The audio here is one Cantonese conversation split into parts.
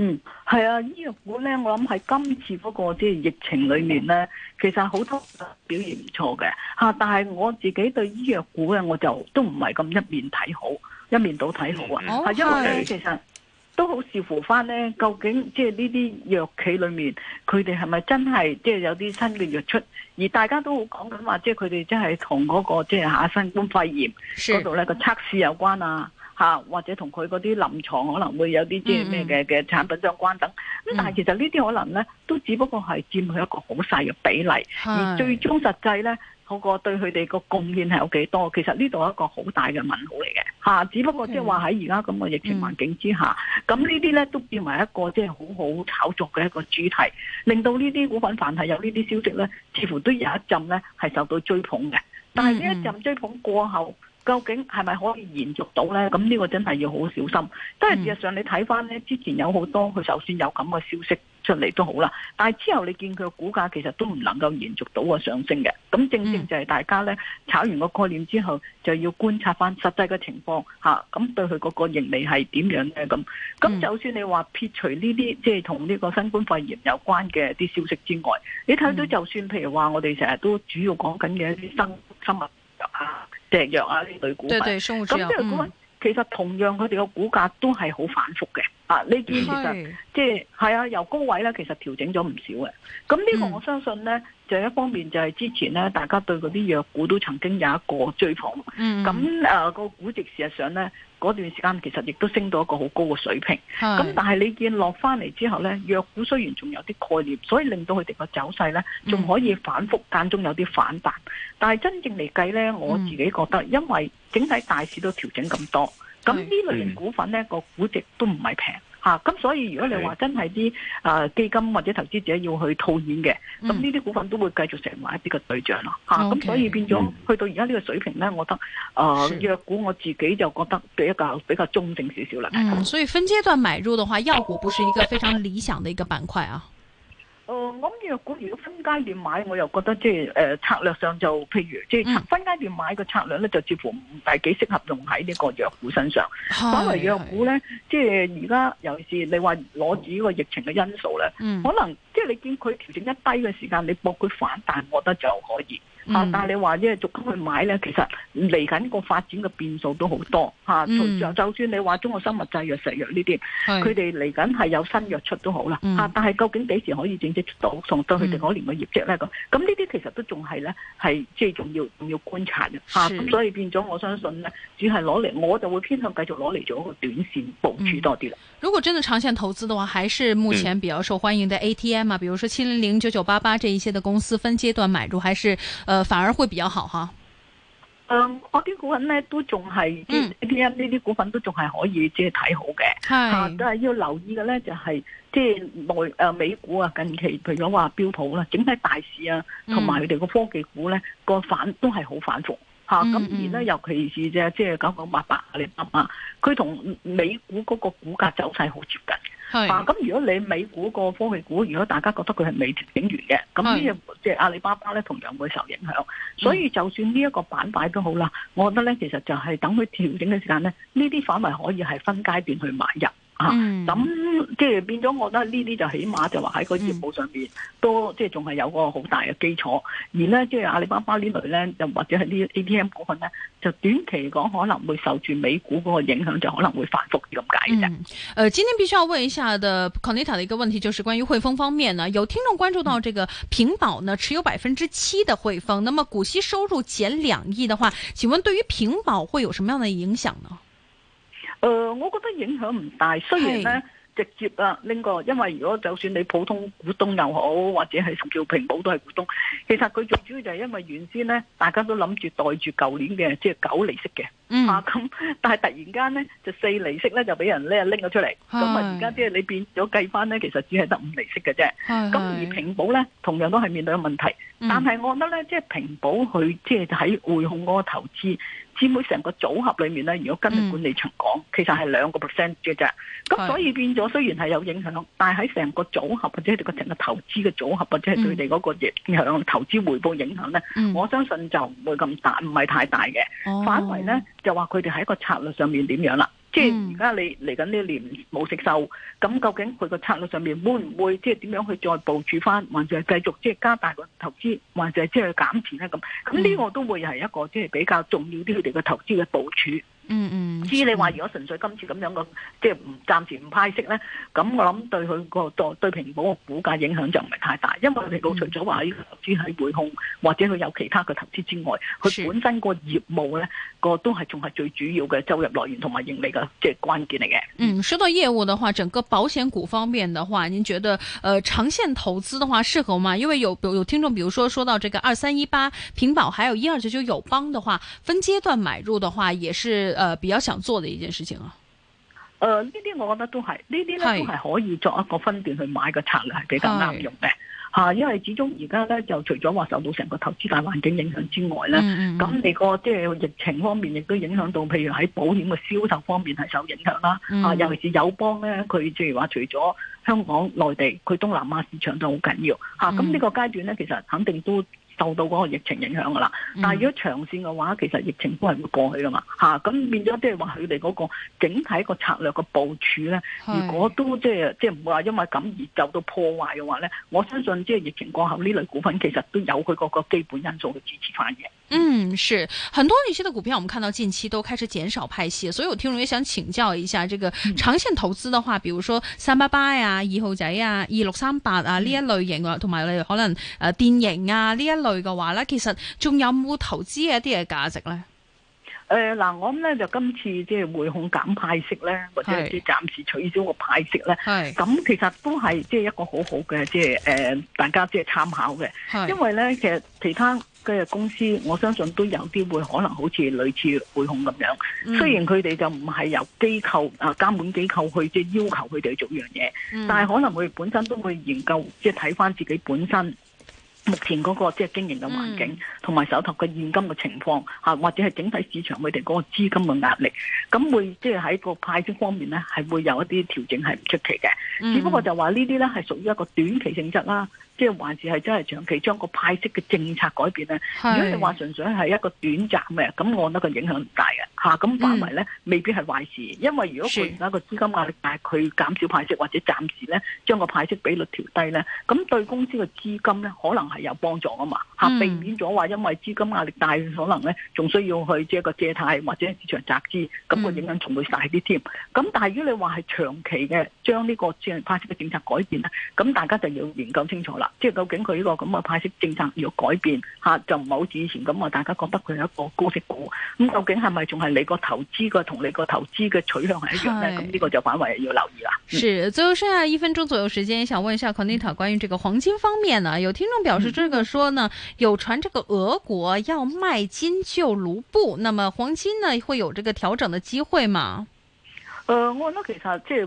嗯，係啊，醫藥股咧，我諗喺今次嗰個即係疫情裏面咧，其實好多表現唔錯嘅吓，但係我自己對醫藥股咧，我就都唔係咁一面睇好，一面倒睇好啊，係、嗯、因為其實都好視乎翻咧，究竟即係呢啲藥企裏面，佢哋係咪真係即係有啲新嘅藥出，而大家都好講緊話，即係佢哋真係同嗰個即係下新冠肺炎嗰度咧個測試有關啊。嚇，或者同佢嗰啲臨床可能會有啲即係咩嘅嘅產品相關等，咁、嗯嗯、但係其實呢啲可能咧，都只不過係佔佢一個好細嘅比例，是的 而最終實際咧，嗰個對佢哋個貢獻係有幾多？其實呢度係一個好大嘅問號嚟嘅嚇，只不過即係話喺而家咁嘅疫情環境之下，咁、嗯嗯、呢啲咧都變為一個即係好好炒作嘅一個主題，令到呢啲股份凡係有呢啲消息咧，似乎都有一陣咧係受到追捧嘅，但係呢一陣追捧過後，嗯嗯過後究竟係咪可以延續到呢？咁呢個真係要好小心。但係事實上，你睇翻呢，之前有好多佢，就算有咁嘅消息出嚟都好啦。但係之後你見佢嘅股價其實都唔能夠延續到個上升嘅。咁正正就係大家呢炒完個概念之後，就要觀察翻實際嘅情況嚇。咁對佢個個盈利係點樣呢？咁咁就算你話撇除呢啲即係同呢個新冠肺炎有關嘅啲消息之外，你睇到就算譬如話我哋成日都主要講緊嘅一啲生生物啊。石藥啊，呢類，對，對股份咁即係點講？嗯、其實同樣佢哋個股價都係好反覆嘅啊！你見其實即係係啊，由高位咧，其實調整咗唔少嘅。咁呢個我相信咧。嗯就一方面就係之前咧，大家對嗰啲藥股都曾經有一個追捧，咁誒、嗯呃那個估值事實上咧，嗰段時間其實亦都升到一個好高嘅水平。咁是但係你見落翻嚟之後咧，藥股雖然仲有啲概念，所以令到佢哋個走勢咧仲、嗯、可以反覆間中有啲反彈。但係真正嚟計咧，我自己覺得，因為整體大市都調整咁多，咁呢類型股份咧、嗯、個估值都唔係平。吓，咁、啊、所以如果你話真係啲誒基金或者投資者要去套現嘅，咁呢啲股份都會繼續成為一啲嘅對象咯。吓、啊、咁、嗯啊、所以變咗 Okay, 去到而家呢個水平咧，我覺得誒藥、呃、是股我自己就覺得比較比較中性少少啦。嗯，所以分階段買入嘅話，藥股不是一個非常理想嘅一個板塊啊。我咁、呃、藥股如果分階段買，我又覺得即係誒、呃、策略上就譬如即係分階段買個策略咧，就似乎唔係幾適合用喺呢個藥股身上。是是反為藥股咧，即係而家尤其是你話攞住呢個疫情嘅因素咧，嗯、可能即係你見佢調整一低嘅時間，你搏佢反彈，我覺得就可以。嚇、啊！但係你話即係逐級去買咧，其實嚟緊個發展嘅變數都好多嚇。就、啊嗯、就算你話中國生物製藥、石藥呢啲，佢哋嚟緊係有新藥出都好啦嚇、嗯啊。但係究竟幾時可以正式出到，送到佢哋嗰年嘅業績咧咁？咁呢啲其實都仲係咧係即係仲要要觀察嘅嚇。咁、啊、是所以變咗我相信咧，只係攞嚟，我就會偏向繼續攞嚟做一個短線部署多啲啦。嗯嗯、如果真係長線投資嘅話，還是目前比較受歡迎嘅 ATM 啊，嗯、比如說七零零九九八八這一些嘅公司，分階段買入，還是呃？反而會比較好哈嗯，我啲股份咧都仲係，P M 呢啲股份都仲係可以即係睇好嘅。係、嗯，都係、啊、要留意嘅咧，就係、是、即係誒、呃、美股啊，近期譬如講話標普啦，整體大市啊，同埋佢哋個科技股咧個、嗯、反都係好反覆吓。咁、啊嗯、而咧呢，尤其是即係即係九九八八，你諗下，佢同美股嗰個股價走勢好接近。咁是、啊、如果你美股個科技股，如果大家覺得佢係未調整完嘅，咁呢隻即係阿里巴巴咧，同樣會受影響。所以就算呢一個板塊都好啦，我覺得咧，其實就係等佢調整嘅時間咧，呢啲反而可以係分階段去買入。嗯、啊，咁即係變咗，我覺得呢啲就起碼就話喺個業務上邊都即係仲係有個好大嘅基礎，而呢，即係阿里巴巴呢類咧，又或者係啲 ATM 股份咧，就短期嚟講可能會受住美股嗰個影響，就可能會反復咁解嘅。誒、嗯、呃，今天必須要問一下的 Conneta 嘅一個問題，就是關於匯豐方面呢，有聽眾關注到這個平保呢持有百分之七嘅匯豐，那麼股息收入減兩億的話，請問對於平保會有什麼樣的影響呢？誒、呃，我覺得影響唔大，雖然咧是直接啊拎個，因為如果就算你普通股東又好，或者係叫平保都係股東，其實佢最主要就係因為原先咧大家都諗住袋住舊年嘅即係九厘息嘅，嗯、啊咁，但係突然間咧就四厘息咧就俾人咧拎咗出嚟，咁啊是而家即係你變咗計翻咧，其實只係得五厘息嘅啫，咁是而平保咧同樣都係面對嘅問題。但係我覺得咧，即係、嗯、平保佢即係喺匯控嗰個投資，佔佢成個組合裏面咧，如果跟住管理層講，嗯、其實係兩個 percent 嘅啫。咁的所以變咗，雖然係有影響，但係喺成個組合或者係個成個投資嘅組合或者係對佢哋嗰個影響、嗯、投資回報影響咧、嗯、我相信就唔會咁大，唔係太大嘅、哦、反而咧，就話佢哋喺一個策略上面點樣啦。嗯、即係而家你嚟緊呢一年冇食壽，咁究竟佢個策略上面會唔會即係點樣去再部署翻，或者係繼續即係加大個投資，或者係即係減錢咧？咁咁呢個都會係一個即係比較重要啲佢哋個投資嘅部署。嗯嗯，至於你話如果純粹今次咁樣個，即係唔暫時唔派息呢，咁我諗對佢個對對平保個股價影響就唔係太大，因為哋保除咗話喺投資喺匯控、嗯、或者佢有其他嘅投資之外，佢是本身個業務呢個都係仲係最主要嘅收入來源同埋盈利嘅即係最關鍵嚟嘅。嗯，說到業務嘅話，整個保險股方面嘅話，您覺得誒、呃、長線投資嘅話適合嗎？因為有有，有聽眾，比如說說到這個二三一八平保，還有一二九九友邦嘅話，分階段買入嘅話，也是。誒、呃，比較想做嘅一件事情啊，誒呢啲我覺得都係呢啲咧是都係可以作一個分段去買嘅策略係比較啱用嘅吓，是因為始終而家咧就除咗話受到成個投資大環境影響之外咧，咁、嗯、你個即係疫情方面亦都影響到，譬如喺保險嘅銷售方面係受影響啦，啊、嗯、尤其是友邦咧，佢即係話除咗香港內地，佢東南亞市場都好緊要吓，咁、嗯、呢個階段咧其實肯定都受到嗰個疫情影響噶啦，但如果長線嘅話，其實疫情都係會過去噶嘛，吓咁變咗即係話佢哋嗰個整體個策略個部署咧，如果都即係即係唔會話因為咁而受到破壞嘅話咧，我相信即係疫情過後呢類股份其實都有佢嗰個基本因素去支持返嘅。嗯，是，很多一些嘅股票，我們看到近期都開始減少派息，所以我聽落也想請教一下，這個長線投資的話，比如說三八八啊、二號仔啊、二六三八啊呢一類型，同埋你可能誒電影啊呢一類嘅話咧，其實仲有冇投資的一啲嘅價值咧？誒、呃，嗱、呃，我諗咧就今次即係匯控減派息咧，或者係暫時取消個派息咧，咁是其實都係即係一個很好好嘅，即係誒大家即係參考嘅，是因為咧其實其他。即係公司，我相信都有啲會可能好似類似匯控咁樣。雖然佢哋就唔係由機構啊監管機構去即係、就是、要求佢哋去做樣嘢，但係可能佢哋本身都會研究，即係睇返自己本身。目前嗰、那個即係、就是、經營嘅環境，同埋、嗯、手頭嘅現金嘅情況，嚇或者係整體市場佢哋嗰個資金嘅壓力，咁會即係喺個派息方面咧，係會有一啲調整係唔出奇嘅。嗯、只不過就話呢啲咧係屬於一個短期性質啦、啊，即係還是係真係長期將個派息嘅政策改變咧。是如果你話純粹係一個短暫嘅，咁我覺得個影響唔大嘅嚇。咁範圍咧未必係壞事，因為如果佢而家個資金壓力但大，佢減少派息或者暫時咧將個派息比率調低咧，咁對公司嘅資金咧可能係，有幫助啊嘛！避免咗話因為資金壓力大，嗯、可能咧仲需要去借係個借貸或者市場集資，咁個、嗯、影響仲會大啲添。咁、嗯、但係如果你話係長期嘅將呢個即派息嘅政策改變咧，咁大家就要研究清楚啦。即係究竟佢呢個咁嘅派息政策要改變嚇，就唔係好似以前咁啊，大家覺得佢係一個高息股。咁究竟係咪仲係你個投資嘅同你個投資嘅取向係一樣咧？咁呢是、嗯、個就反為要留意啦。是，嗯、最後剩下一分鐘左右時間，想問一下 Conita 關於這個黃金方面呢？有聽眾表示這個說呢。嗯嗯有傳這個俄國要賣金救盧布，那麼黃金呢會有這個調整的機會嗎？誒、呃，我覺得其實即係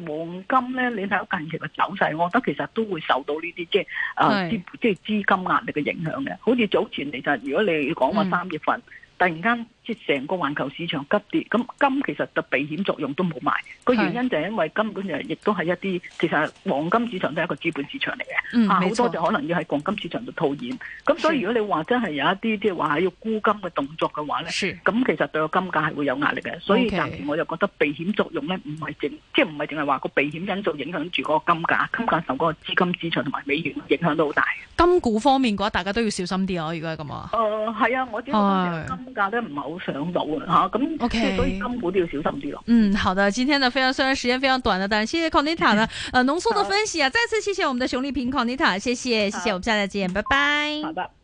黃金呢，你睇近期嘅走勢，我覺得其實都會受到呢啲即係啊，即、呃、係資，資金壓力嘅影響嘅，好似早前嚟其實如果你講話三月份。嗯突然間，即係成個環球市場急跌，咁金其實就避險作用都冇埋。個原因就係因為金本身亦都係一啲，其實黃金市場都係一個資本市場嚟嘅，嗯、啊好錯多就可能要喺黃金市場度套現。咁所以如果你話真係有一啲即係話要沽金嘅動作嘅話咧，咁其實對個金價係會有壓力嘅。所以暫時我就覺得避險作用咧唔係淨即係唔係淨係話個避險因素影響住個金價，金價受嗰個資金市場同埋美元影響都好大。金股方面嘅話，大家都要小心啲。如果係咁啊，誒係、呃、啊，我知道金價都唔係好上到嘅吓，咁所以對金股都要小心啲咯、啊。嗯，好的，今天呢非常雖然時間非常短啦，但係謝謝 Conita 呢，誒濃縮的分析啊，好再次謝謝我們的熊麗萍 Conita 謝謝，謝謝，好我們下次見，拜拜。拜拜。